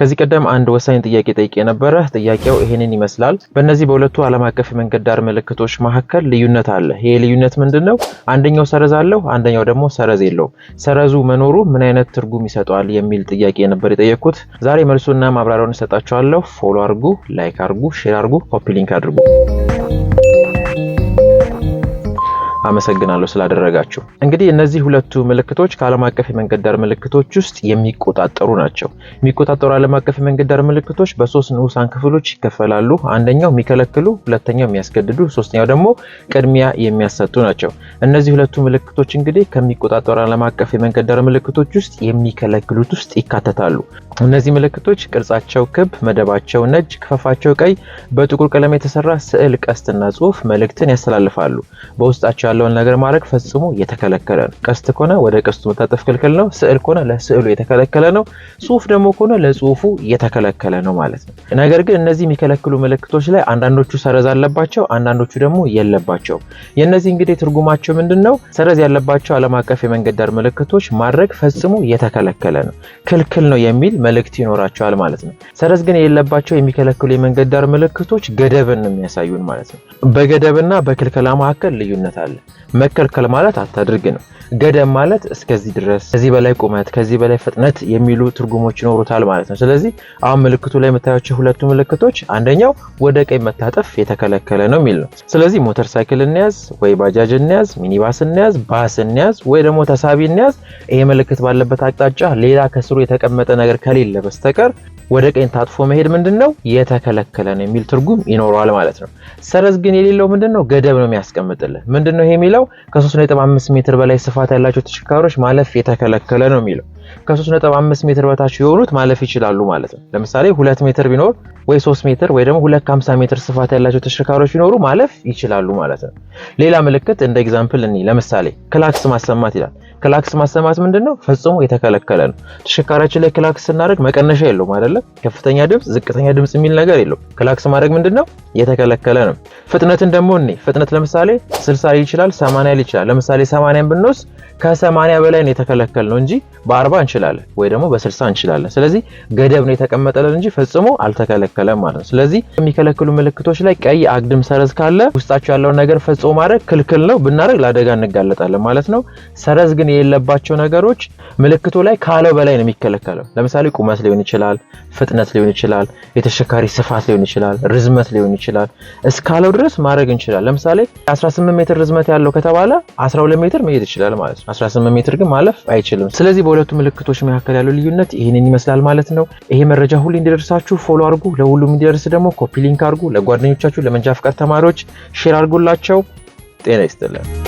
ከዚህ ቀደም አንድ ወሳኝ ጥያቄ ጠይቄ ነበረ። ጥያቄው ይህንን ይመስላል። በእነዚህ በሁለቱ ዓለም አቀፍ የመንገድ ዳር ምልክቶች መካከል ልዩነት አለ። ይሄ ልዩነት ምንድን ነው? አንደኛው ሰረዝ አለው፣ አንደኛው ደግሞ ሰረዝ የለውም። ሰረዙ መኖሩ ምን አይነት ትርጉም ይሰጠዋል የሚል ጥያቄ ነበር የጠየቅኩት። ዛሬ መልሱና ማብራሪያውን እሰጣችኋለሁ። ፎሎ አርጉ፣ ላይክ አርጉ፣ ሼር አርጉ፣ ኮፒ ሊንክ አድርጉ። አመሰግናለሁ ስላደረጋችሁ። እንግዲህ እነዚህ ሁለቱ ምልክቶች ከዓለም አቀፍ የመንገድ ዳር ምልክቶች ውስጥ የሚቆጣጠሩ ናቸው። የሚቆጣጠሩ ዓለም አቀፍ የመንገድ ዳር ምልክቶች በሶስት ንዑሳን ክፍሎች ይከፈላሉ። አንደኛው የሚከለክሉ፣ ሁለተኛው የሚያስገድዱ፣ ሶስተኛው ደግሞ ቅድሚያ የሚያሰጡ ናቸው። እነዚህ ሁለቱ ምልክቶች እንግዲህ ከሚቆጣጠሩ ዓለም አቀፍ የመንገድ ዳር ምልክቶች ውስጥ የሚከለክሉት ውስጥ ይካተታሉ። እነዚህ ምልክቶች ቅርጻቸው ክብ፣ መደባቸው ነጭ፣ ክፈፋቸው ቀይ፣ በጥቁር ቀለም የተሰራ ስዕል፣ ቀስትና ጽሁፍ መልእክትን ያስተላልፋሉ። በውስጣቸው ያለውን ነገር ማድረግ ፈጽሞ የተከለከለ ነው። ቀስት ከሆነ ወደ ቀስቱ መታጠፍ ክልክል ነው። ስዕል ከሆነ ለስዕሉ የተከለከለ ነው። ጽሁፍ ደግሞ ከሆነ ለጽሁፉ የተከለከለ ነው ማለት ነው። ነገር ግን እነዚህ የሚከለክሉ ምልክቶች ላይ አንዳንዶቹ ሰረዝ አለባቸው፣ አንዳንዶቹ ደግሞ የለባቸውም። የእነዚህ እንግዲህ ትርጉማቸው ምንድን ነው? ሰረዝ ያለባቸው ዓለም አቀፍ የመንገድ ዳር ምልክቶች ማድረግ ፈጽሞ የተከለከለ ነው፣ ክልክል ነው የሚል መልእክት ይኖራቸዋል ማለት ነው። ሰረዝ ግን የሌለባቸው የሚከለክሉ የመንገድ ዳር ምልክቶች ገደብን የሚያሳዩን ማለት ነው። በገደብና በክልከላ መካከል ልዩነት አለ። መከልከል ማለት አታድርግ ነው። ገደብ ማለት እስከዚህ ድረስ፣ ከዚህ በላይ ቁመት፣ ከዚህ በላይ ፍጥነት የሚሉ ትርጉሞች ይኖሩታል ማለት ነው። ስለዚህ አሁን ምልክቱ ላይ የምታያቸው ሁለቱ ምልክቶች አንደኛው ወደ ቀኝ መታጠፍ የተከለከለ ነው የሚል ነው። ስለዚህ ሞተር ሳይክል እንያዝ ወይ ባጃጅ እንያዝ፣ ሚኒባስ እንያዝ፣ ባስ እንያዝ ወይ ደግሞ ተሳቢ እንያዝ፣ ይሄ ምልክት ባለበት አቅጣጫ ሌላ ከስሩ የተቀመጠ ነገር ከሌለ በስተቀር ወደ ቀኝ ታጥፎ መሄድ ምንድን ነው የተከለከለ ነው የሚል ትርጉም ይኖረዋል ማለት ነው። ሰረዝ ግን የሌለው ምንድን ነው ገደብ ነው የሚያስቀምጥልን። ምንድን ነው ይሄ የሚለው ከ3.5 ሜትር በላይ ስፋት ያላቸው ተሽከርካሪዎች ማለፍ የተከለከለ ነው የሚለው። ከ3.5 ሜትር በታች የሆኑት ማለፍ ይችላሉ ማለት ነው። ለምሳሌ 2 ሜትር ቢኖር ወይ 3 ሜትር ወይ ደግሞ 250 ሜትር ስፋት ያላቸው ተሽከርካሪዎች ቢኖሩ ማለፍ ይችላሉ ማለት ነው። ሌላ ምልክት እንደ ኤግዛምፕል እኔ ለምሳሌ ክላክስ ማሰማት ይላል። ክላክስ ማሰማት ምንድን ነው? ፈጽሞ የተከለከለ ነው። ተሽከርካሪያችን ላይ ክላክስ ስናደርግ መቀነሻ የለውም አይደለም? ከፍተኛ ድምፅ፣ ዝቅተኛ ድምፅ የሚል ነገር የለውም። ክላክስ ማድረግ ምንድን ነው? የተከለከለ ነው። ፍጥነትን ደግሞ እኔ ፍጥነት ለምሳሌ 60 ሊል ይችላል፣ 80 ሊል ይችላል። ለምሳሌ 80 ብንወስድ ከ80 በላይ ነው የተከለከል ነው እንጂ በ40 እንችላለን ወይ ደግሞ በ60 እንችላለን። ስለዚህ ገደብ ነው የተቀመጠለን እንጂ ፈጽሞ አልተከለከለም ማለት ነው። ስለዚህ የሚከለክሉ ምልክቶች ላይ ቀይ አግድም ሰረዝ ካለ ውስጣቸው ያለውን ነገር ፈጽሞ ማድረግ ክልክል ነው ብናደርግ ለአደጋ እንጋለጣለን ማለት ነው። ሰረዝ ግን መሆን የሌለባቸው ነገሮች ምልክቱ ላይ ካለው በላይ ነው የሚከለከለው። ለምሳሌ ቁመት ሊሆን ይችላል፣ ፍጥነት ሊሆን ይችላል፣ የተሸካሪ ስፋት ሊሆን ይችላል፣ ርዝመት ሊሆን ይችላል። እስካለው ድረስ ማድረግ እንችላል። ለምሳሌ 18 ሜትር ርዝመት ያለው ከተባለ 12 ሜትር መሄድ ይችላል ማለት ነው። 18 ሜትር ግን ማለፍ አይችልም። ስለዚህ በሁለቱ ምልክቶች መካከል ያለው ልዩነት ይህንን ይመስላል ማለት ነው። ይሄ መረጃ ሁሉ እንዲደርሳችሁ ፎሎ አድርጉ። ለሁሉም እንዲደርስ ደግሞ ኮፒ ሊንክ አድርጉ። ለጓደኞቻችሁ ለመንጃ ፍቃድ ተማሪዎች ሼር አድርጉላቸው። ጤና ይስጥልን።